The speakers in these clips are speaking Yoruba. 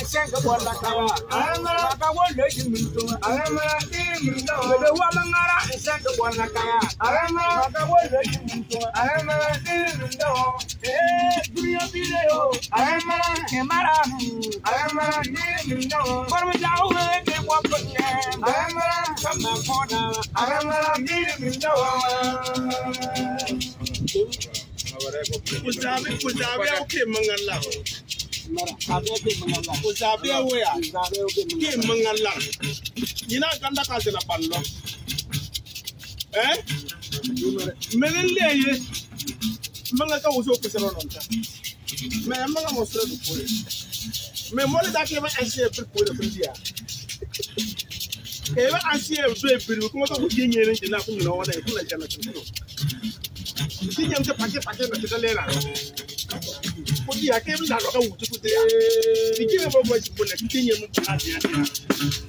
ɛsɛnkɛ bɔrila kaba maka wo le yi min to bebe wa ma ŋara ɛsɛnkɛ bɔrila kaba maka wo le yi min to ee duniya bi de yo ɛ mara kɔrɔbija aw bɛ ne bɔ ko tiɲɛ kama kɔnna kusabi kusabi aw kɛ mankan la. o zaabiya woya ke maŋala nyina ganda ka zena ballo mene leeye maŋa ka woso kusɛrɛ nɔnta mɛ maŋa mɔsɛrɛ du puure mɛ mɔle daa kɛ ba ɛnsɛɛ piri puure fun diya e ba ɛnsɛɛ doe piri kuma ka ko die nyɛ ne jena ko nyina wɔna ye kuna jɛna tuntun ti nyɛ te pake pake na kita lena Porque ah, aquele da roca muito que tem. E que levou mais por aqui tem um cara de ali.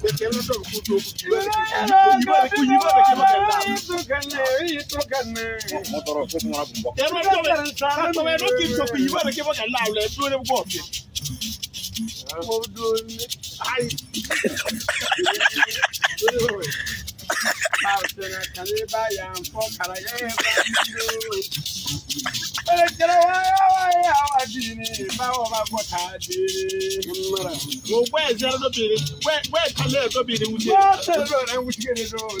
Porque ela não o do que vai que vai que vai que vai. Isso ganha, isso ganha. Motor fogo na bomba. Eu não tô vendo, cara, não é no que só que vai que vai lá, o do não gosta. Ai. Kaleba ya mpọ kara ya ebe ndị oyi. Elekere Where is the baby? Where where can the baby be? What the road and which get it all?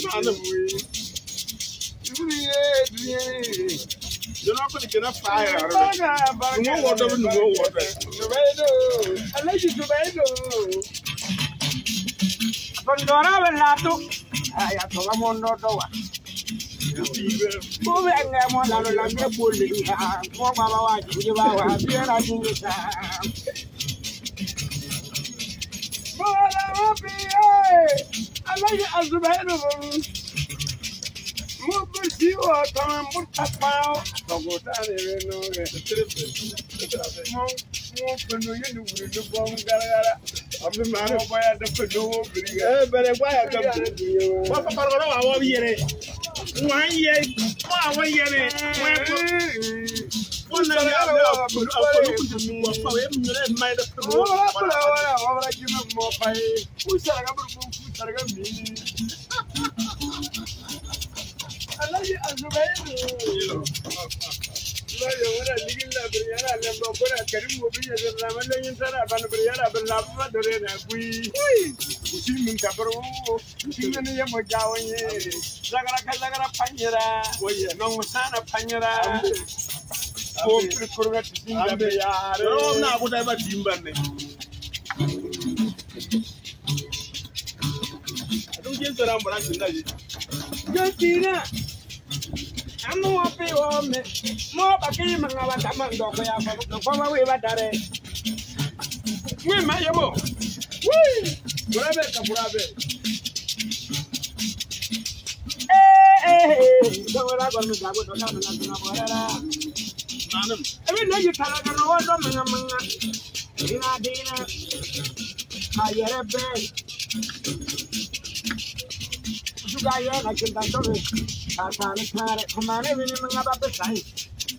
You're not going to get a fire. No water, no water. Tomato. I like you, tomato. But you're not a lot of. I have to come on, not the one. Mo bẹ ŋẹ mọ lalo la bẹ boli ya, mọ baba wa jigi ba wa bẹ na dungi ta. Bọ́lá wọ́n fi yé aláyé azùbá yẹn lò wọ́n. Mo bẹ sí wọ̀ tán, mo ta pa ọ́. Àtọ̀gbọ̀ táyà rẹ̀ nù rẹ̀. Mo mo fẹnu yé ni wuli ni bọ́ ń garagara. Àbí màá lọ bọ́ yà dẹ́pẹ̀ dọ́wọ́ bìrì. Ẹ bẹ̀rẹ̀ gbọ́ àyà kan. Wọ́n fọ́ parọ́ wà wọ́ bí yẹrẹ wọ́n yẹ fún àwọn yẹrẹ wọ́n á kọ́ fún nàní àbẹ́ àpòlùkùtù mi wọ́n fà wọ́n mi rẹ̀ máa dẹ̀ fún wọn. wọ́n wọn rẹ̀ wọ́n fúnra mi mọ̀ fà yé kú sàrẹ́gà bẹ̀rẹ̀ fún kú sàrẹ́gà mi. alájí àzùbá yìí lò. Lọ́yọ̀ wọn náà nígbà ńlá yàrá lẹ̀ kó náà kẹ́rin mọ̀ bí yẹn sọ̀rọ̀ àmọ́ lẹ́yìn sọ̀rọ̀ àbánu yàrá bẹ̀rẹ̀ làbúrò dọ̀rẹ́ náà kú Shimin gabar wo, shimin ne ya zagara ka zagara panyira, non sana panyira. Ko kurkuru na tisin gabe ya. Rom na abu da ba Adun jin sara mbara shin da ji. Josina. Amu wa pe wo me. Mo ba ke manga wa ta man do ko ya ko ba we ba dare. Ngwe ma yebo. Hey hey, Burabe ka burabe. Ebi ne yi tala kana wa dɔ manga manga. Dina dina. Ka yɛrɛ bɛɛ. Suga yɛ ka kintan tobi. Ka taari taari. Kuma ne bi ni manga ba bɛ sa ye.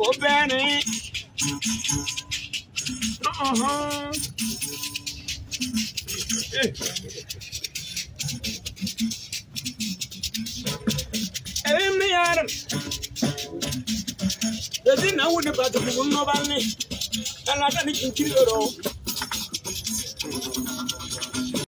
kó bẹ́rin. Elimni yarın. Dedi ne oldu batı bugün ne var ne? Allah'tan hiç inkiri yok.